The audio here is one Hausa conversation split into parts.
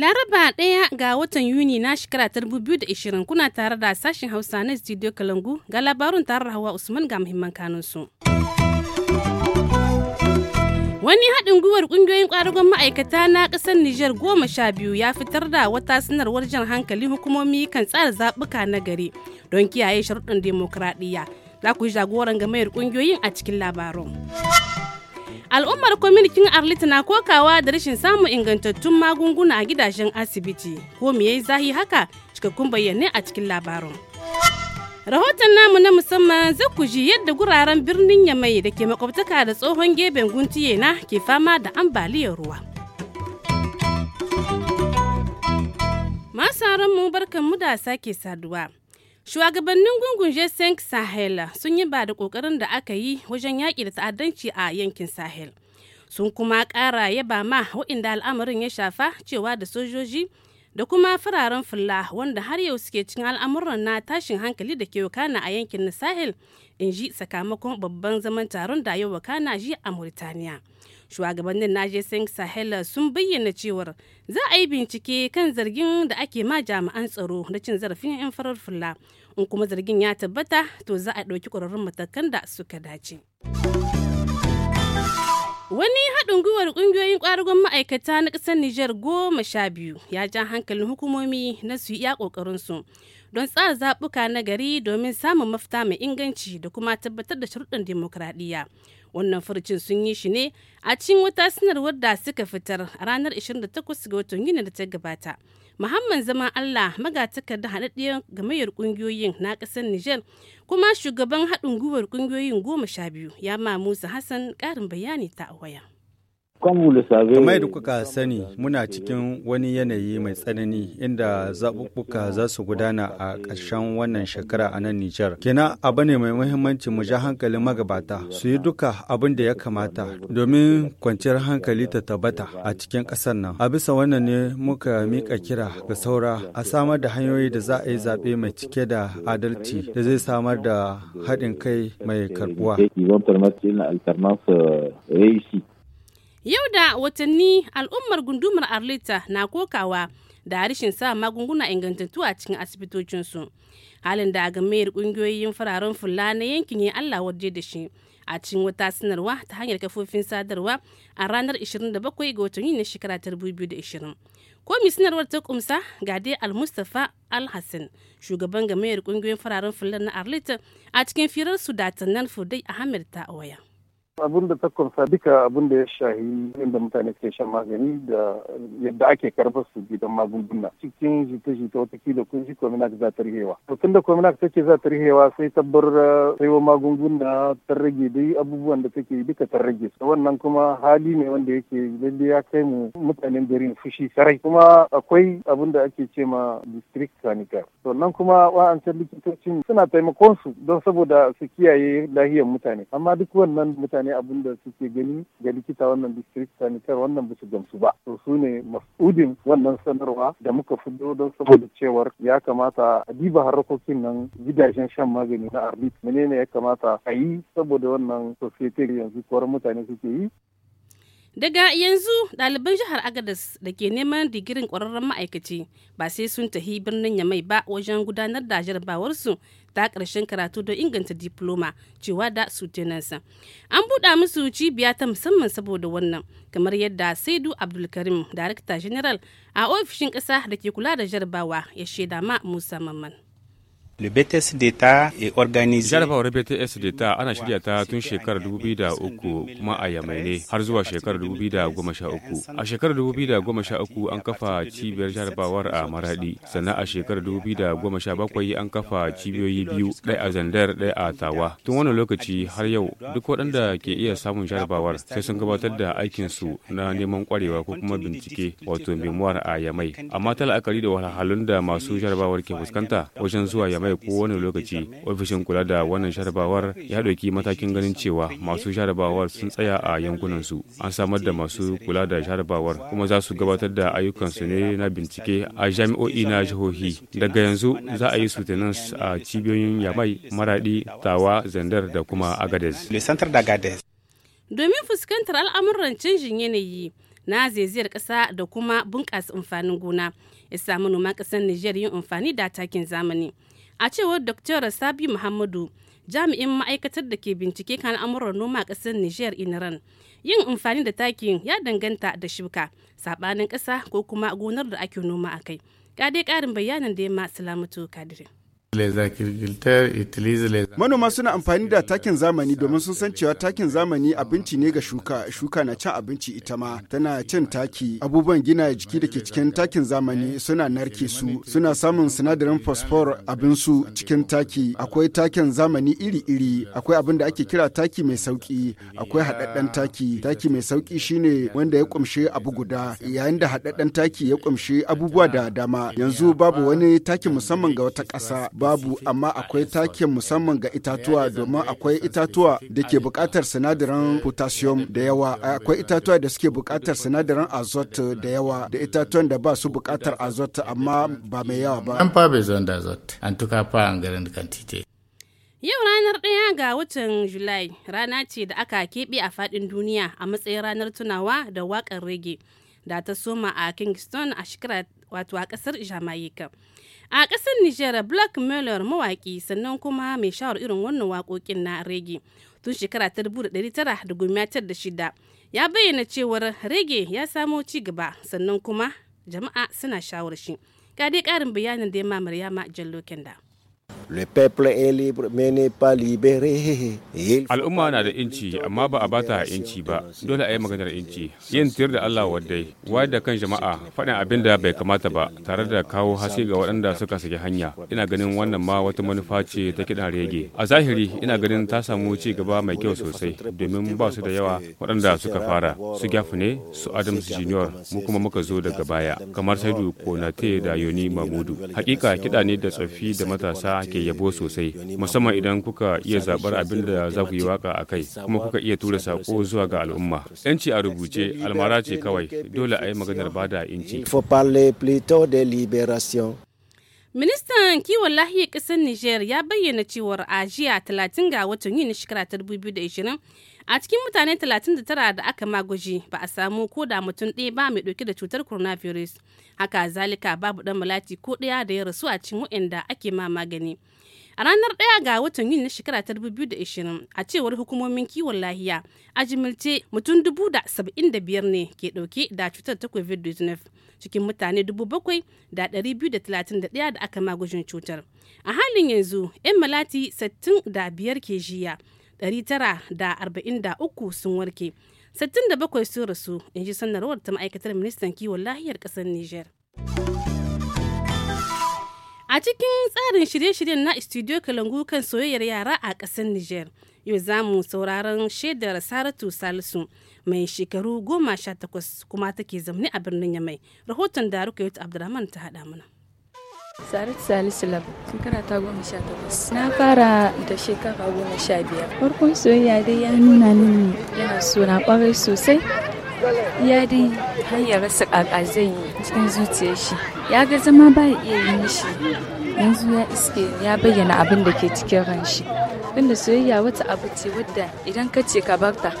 Laraba ɗaya ga watan Yuni na shekara ta ishirin kuna tare da sashen Hausa na studio Kalangu ga labarun tare da Hawa Usman ga muhimman kanunsu. su. Wani haɗin gwiwar ƙungiyoyin ƙwadagon ma'aikata na ƙasar Nijar goma sha biyu ya fitar da wata sanarwar jan hankali hukumomi kan tsara zaɓuka na gari don kiyaye sharuɗin demokuraɗiyya. Za ku yi jagoran gamayar ƙungiyoyin a cikin labarun. Al'ummar kwamitin Arlit na kokawa da rashin samun ingantattun magunguna a gidajen asibiti. Ko me yayi zahi haka? Cikakkun bayyane a cikin labarun. rahoton namu na musamman zai ku ji yadda guraren birnin yamai da ke makwabtaka da tsohon geben guntiye na ke fama da ambaliyar ruwa masu mu barkan mu da sake saduwa shugabannin gungun jason sahel sun yi ba da kokarin da aka yi wajen yaƙi da ta'addanci a yankin sahel sun kuma ƙara yaba ma waɗanda al'amarin ya shafa cewa da sojoji da kuma fararen fulla wanda har yau suke cikin al'amuran na tashin hankali da ke wakana a yankin na sahel in ji sakamakon babban zaman taron da yau wakana ji a mauritaniya shugabannin je singh sahel sun bayyana cewar za a yi bincike kan zargin da ake ma jami'an tsaro na cin zarafin 'yan farar fulla in kuma zargin ya tabbata to za a ɗauki ƙwararrun matakan da suka dace. Wani haɗin gwiwar ƙungiyoyin ƙwarigon ma'aikata na ƙasar Nijar goma sha biyu ya ja hankalin hukumomi na su iya ƙoƙarinsu don tsara zaɓuka na gari domin samun mafita mai inganci da kuma tabbatar da sharuɗin dimokuraɗiyya. Wannan furcin sun yi shi ne a cikin wata sanarwar da suka fitar a ranar 28 ga watan Yuni da ta gabata. Muhammad Zaman Allah magatakarda haɗaɗɗiyar gamayyar ƙungiyoyin na ƙasar Nijar kuma shugaban haɗin gwiwar ƙungiyoyin goma sha biyu ya ma Musa Hassan ƙarin bayani ta waya. Kamar yadda kuka sani muna cikin wani yanayi mai tsanani inda zaɓuɓɓuka za su gudana a ƙarshen wannan shekara a nan Nijar. kina abu ne mai muhimmanci mu ja hankalin magabata su yi duka abin da ya kamata domin kwanciyar hankali ta tabbata a cikin ƙasar nan. A bisa wannan ne muka mika kira ga saura a samar da hanyoyi da za a yi zaɓe mai cike da adalci da zai samar da haɗin kai mai karɓuwa. Yau da watanni al'ummar gundumar Arlita na kokawa da rashin sa magunguna ingantattu a cikin asibitocinsu. Halin da gamayar kungiyoyin fararen fulla na yankin ya Allah waje da shi a cikin wata sanarwa ta hanyar kafofin sadarwa a ranar 27 ga watan na shekara 2020. Komi sanarwar ta kumsa ga dai Al-Mustafa Al-Hassan, shugaban gamayar kungiyoyin fararen fulla na Arlita a cikin firar su da tannan Fudai Ahmed ta waya. abin da ta kunsa duka abin da ya shahi inda mutane ke shan magani da yadda ake karɓar su gidan magunguna cikin jita-jita watakila kun ji kominak za ta rihewa to tun da kominak take za ta rihewa sai tabbar eh, saiwa magunguna ta rage dai abubuwan da take duka ta rage su wannan kuma hali ne wanda yake lalle ya kai mu mutanen garin fushi sarai kuma akwai abin da ake ce ma district sanitar to nan kuma wa'ancan likitocin suna taimakon su don saboda su kiyaye lahiyar mutane amma duk wannan mutane ne abin da suke gani ga likita wannan district sanitar wannan bisa gamsu ba to su ne masudin wannan sanarwa da muka fito don saboda cewar ya kamata a diba harkokin nan gidajen shan magani na arbit menene ya kamata a yi saboda wannan society yanzu kwarar mutane suke yi daga yanzu ɗaliban jihar agadas da ke neman digirin ƙwararren ma'aikaci ba sai sun tafi birnin yamai ba wajen gudanar da jarabawarsu ta ƙarshen karatu don inganta diploma cewa da sutenansa an buɗa musu cibiya ta musamman saboda wannan kamar yadda saidu abdulkarim darakta general a ofishin ƙasa da ke kula da jarabawa ya shaida ma musa mamman BTS Jarabawar BTS Data ana shirya ta tun shekarar 2003 kuma a Yamai ne har zuwa shekarar 2013. A shekarar 2013 an kafa cibiyar jarabawar a Maradi, sannan a shekarar 2017 an kafa cibiyoyi biyu, ɗaya a Zandar, ɗaya a Tawa. Tun wannan lokaci har yau duk waɗanda ke iya samun jarabawar sai sun gabatar da aikinsu na neman ƙwarewa ko kuma bincike wato memoir a Yamai. Amma tala la'akari da wahalhalun da masu jarabawar ke fuskanta wajen zuwa Yamai ko wani lokaci ofishin kula da wannan sharabawar ya ɗauki matakin ganin cewa masu sharabawar sun tsaya a yankunan su an samar da masu kula da jarabawar kuma za su gabatar da ayyukansu ne na bincike a jami'o'i na jihohi daga yanzu za a yi sutenance a cibiyoyin yamai maradi tawa zandar da kuma agadez domin fuskantar al'amuran canjin yanayi na zaizayar ƙasa da kuma bunƙasa amfanin gona ya samu noman ƙasar Nijar yin amfani da takin zamani. a cewar dr sabi muhammadu jami'in ma'aikatar da ke bincike kan al'amuran noma a ƙasar niger inaran yin amfani da takin ya danganta da shuka saɓanin ƙasa ko kuma gonar da ake noma a kai dai ƙarin bayanin da ya ma salamatu kadiri Manoma suna amfani da takin zamani domin sun san cewa takin zamani abinci ne ga shuka, shuka na cin abinci ita ma tana cin taki. Abubuwan gina jiki da ke cikin takin zamani suna narke su, suna samun sinadarin phosphor abinsu cikin taki. Akwai takin zamani iri-iri, akwai abin da ake kira taki mai sauki, akwai haɗaɗɗen taki. Taki mai sauki shine wanda ya kumshe abu guda, yayin da haɗaɗɗen taki ya kumshe abubuwa da dama. Yanzu babu wani taki musamman ga wata ƙasa. babu amma akwai taken musamman ga itatuwa domin akwai itatuwa da ke buƙatar sinadaran potassium da yawa akwai itatuwa da suke buƙatar sinadaran azote da yawa da itatuwan da ba su buƙatar azote amma ba mai yawa ba. An fa bai an tuka fa an garin kantite. Yau ranar ɗaya ga watan Julai rana ce da aka keɓe a faɗin duniya a matsayin ranar tunawa da waƙar rege da ta soma a Kingston a shekarar wato a ƙasar Jamaica. a ƙasar nijar black miller mawaƙi sannan kuma mai shawar irin wannan waƙoƙin na rege tun shekara ta shida ya bayyana cewar rege ya samo ci gaba sannan kuma jama'a suna shawar shi ga dai ƙarin bayanin da ya ma jallo kenda Al'umma na da inci amma ba a ba ta inci ba, dole a yi maganar inci. Yin tir da Allah waddai wayar da kan jama'a, faɗin abin da bai kamata ba, tare da kawo hasi ga waɗanda suka sake hanya. Ina ganin wannan ma wata manufa ce ta kiɗan rege. A zahiri ina ganin ta samu ci gaba mai kyau sosai, domin ba su da yawa waɗanda suka fara. Su Gyafu su Adams Junior, mu kuma muka zo daga baya, kamar Saidu Konate da Yoni Mamudu. Hakika kiɗa ne da tsafi da matasa ke yabo sosai musamman idan kuka iya zaɓar abin da za ku yi waka a kai kuma kuka iya tura sako zuwa ga al'umma yanci a rubuce almara ce kawai dole a yi maganar bada inci Ministan kiwon lahiyar ƙasar Nijar ya bayyana cewar a jiya 30 ga watan Yuni shekara 2020 a cikin mutane 39 da aka maguji ba a samu ko da mutum ɗaya ba mai ɗauke da cutar coronavirus. Haka zalika babu ɗan malati ko ɗaya da ya rasu a cikin waɗanda ake ma magani. A ranar ɗaya ga watan Yuni na shekara ta 2020 a cewar hukumomin kiwon lahiya a jimilce mutum dubu da saba'in da biyar ne ke ɗauke da cutar ta COVID-19 cikin mutane dubu bakwai da dari biyu da talatin da ɗaya da aka magujin cutar. A halin yanzu 'yan malati sittin da biyar ke jiya dari tara da arba'in da uku sun warke. Sittin da bakwai sun rasu in ji sanarwar ta ma'aikatar ministan kiwon lahiyar ƙasar Nijar. A cikin tsarin shirye-shiryen na Studio Kalangu kan soyayyar yara a ƙasar niger yau za mu sauraron shaidar Saratu Salisu mai shekaru goma sha takwas kuma take zaune a birnin Yamai. Rahoton da Ruka Abdulrahman ta haɗa mana. Saratu Salisu lab shekara ta goma sha takwas. Na fara da shekara goma sha biyar. Farkon soyayya dai ya nuna ni yana suna kwarai sosai. ya dai har ya rasa ƙaƙa zai yi cikin zuciyar shi ya ga zama ba ya iya yi mishi yanzu ya iske ya bayyana abin da ke cikin ran shi wanda soyayya wata abu ce wadda idan ka ce ka barta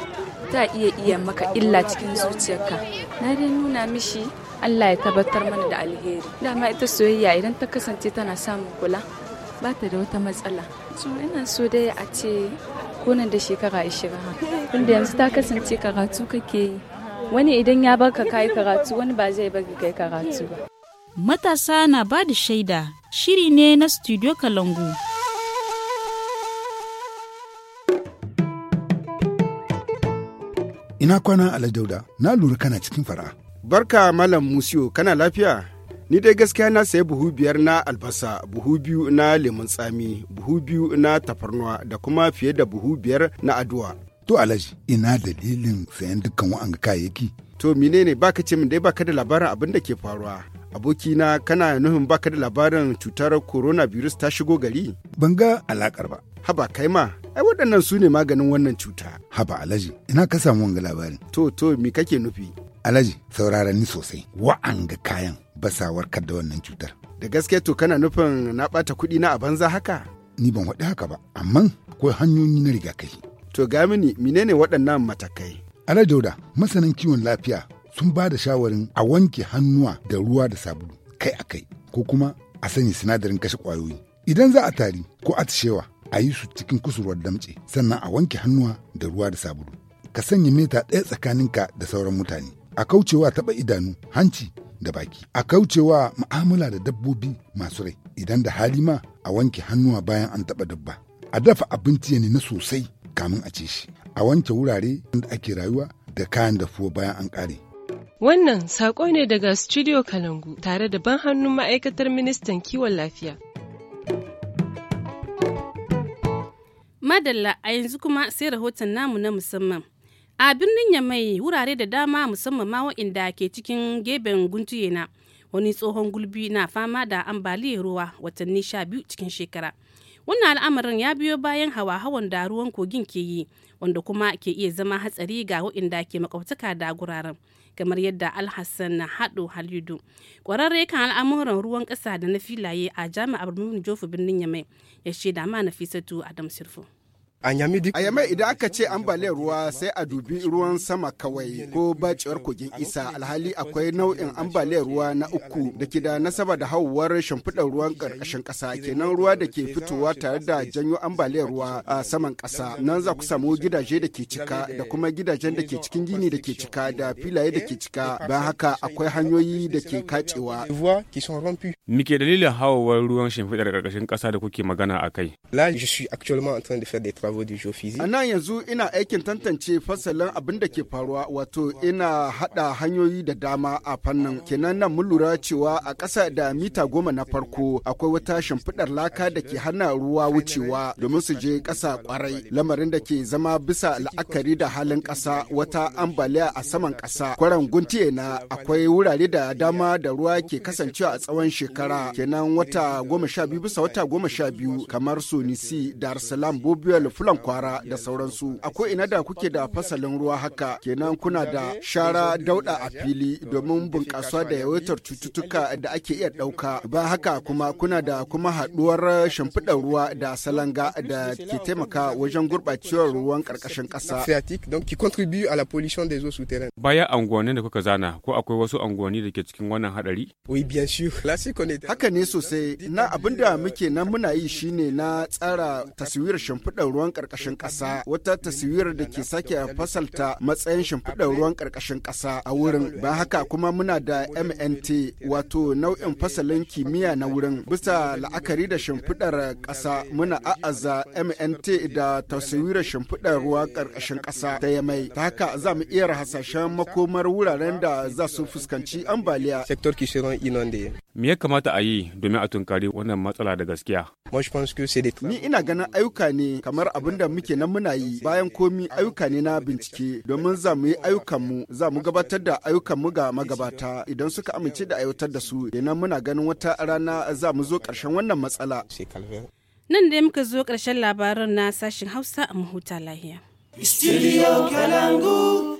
ta iya iya maka illa cikin zuciyarka na dai nuna mishi Allah ya tabbatar mana da alheri dama ita soyayya idan ta kasance tana samun kula ba ta da wata matsala so ina so dai a ce konan da shekara 20 tunda yanzu ta kasance karatu kake yi wani idan ya barka kayi karatu wani ba zai baka kai karatu ba matasa na ba da shaida shiri ne na studio kalangu ina kwana Ladauda, na lura kana cikin fara barka malam musiyo kana lafiya ni dai gaskiya na sayi buhu biyar na albasa buhu biyu na lemun tsami buhu biyu na tafarnuwa da kuma fiye da buhu biyar na aduwa To alaji ina dalilin sayan dukkan wa'anga kayayyaki. To menene baka ce min dai baka da labarin abin da ke faruwa. abokina kana nufin baka da labarin cutar coronavirus ta shigo gari? Ban ga alakar ba. Haba kai ma, ai waɗannan su ne maganin wannan cuta. Haba Alhaji, ina ka samu wanga labarin. To, to, me kake nufi? Alhaji, saurara ni sosai, wa'anga kayan basawar da wannan cutar. Da gaske to kana nufin na bata kuɗi na a banza haka? Ni ban waɗi haka ba, amma akwai hanyoyi na rigakafi. To ga mini menene waɗannan matakai? Ana Dauda, masanin kiwon lafiya sun ba da shawarin a wanke hannuwa da ruwa da sabulu kai a kai ko kuma a sanya sinadarin kashe ƙwayoyi. Idan za a tari ko atishewa a yi su cikin kusurwar damce sannan a wanke hannuwa da ruwa da sabulu. Ka sanya mita ɗaya tsakaninka da sauran mutane. A kaucewa taɓa idanu, hanci da baki. A kaucewa mu'amala da dabbobi masu rai. Idan da hali ma a wanke hannuwa bayan an taɓa dabba. A dafa abinci ya na sosai kamun a ci shi a wanke wurare da ake rayuwa da kayan dafuwa bayan an kare Wannan saƙo ne daga Studio Kalangu tare da ban hannun ma'aikatar ministan kiwon lafiya. Madalla a yanzu kuma sai rahoton namu na musamman. A birnin Yamai wurare da dama musamman ma waɗanda ke cikin geben guntuyena wani tsohon gulbi na fama da ambaliyar ruwa watanni sha biyu cikin shekara. wannan al'amarin ya biyo bayan hawa-hawan da ruwan kogin ke yi wanda kuma ke iya zama hatsari ga waɗanda ke makwabtaka da guraren kamar yadda alhassan na haɗo halidu ƙwararre kan al'amuran ruwan ƙasa da na filaye a jami'ar birnin jofu birnin yamai ya shaida ma nafisatu adam sirfu A Yamai idan aka ce ambaliyar ruwa sai a dubi ruwan sama kawai ko bacewar kogin isa alhali akwai nau'in ambaliyar ruwa na uku da ke da nasaba da hauwar shimfiɗar ruwan ƙarƙashin ƙasa kenan ruwa da ke fitowa tare da janyo ambaliyar ruwa a saman ƙasa nan za ku samu gidaje da ke cika da kuma gidajen da ke cikin gini da ke cika da filaye da ke cika bayan haka akwai hanyoyi da ke kacewa. Mike dalilin hawawar ruwan shimfiɗar ƙarƙashin ƙasa da kuke magana a kai. A nan yanzu ina aikin tantance fasalin abin da ke faruwa wato ina hada hanyoyi da dama a fannin. Kenan nan mun lura cewa a ƙasa da mita goma na farko akwai wata shimfiɗar laka da ke hana ruwa wucewa domin su je ƙasa kwarai. Lamarin da ke zama bisa la'akari da halin ƙasa wata ambaliya a saman ƙasa. Kwaran guntiye na akwai wurare da dama da ruwa ke kasancewa a tsawon shekara. Kenan wata goma sha biyu bisa wata goma sha biyu kamar Sunisi, Dar Salaam, Bobiol, fulan kwara da sauransu akwai ina da kuke da fasalin ruwa haka kenan kuna da shara dauda a fili domin bunƙasa da yawaitar cututtuka da ake iya ɗauka ba haka kuma kuna da kuma haɗuwar shimfiɗar ruwa da salanga da ke taimaka wajen gurɓacewar ruwan ƙarƙashin ƙasa. Baya unguwannin da kuka zana ko akwai wasu unguwanni da ke cikin wannan haɗari? Haka ne sosai na abin da muke nan muna yi shine na tsara taswirar shimfiɗar ruwan ruwan ƙarƙashin ƙasa wata taswirar da ke sake fasalta matsayin shimfiɗar ruwan ƙarƙashin ƙasa a wurin ba haka kuma muna da mnt wato nau'in fasalin kimiyya na wurin bisa la'akari da shimfiɗar ƙasa muna a'aza mnt da taswirar shimfiɗar ruwan ƙarƙashin ƙasa ta yamai ta haka za mu iya hasashen makomar wuraren da za su fuskanci ambaliya Sektor Me ya kamata a yi domin a tunkari wannan matsala da gaskiya? Ni ina ganin ayyuka ne kamar abin da muke nan muna yi bayan komi ayyuka ne na bincike domin za mu yi ayyukanmu za mu gabatar da ayyukanmu ga magabata idan suka amince da aiwatar da su ina muna ganin wata rana za mu zo ƙarshen wannan matsala. Nan dai muka zo karshen labaran na sashen Hausa a mahuta lahiya. Studio Kalangu.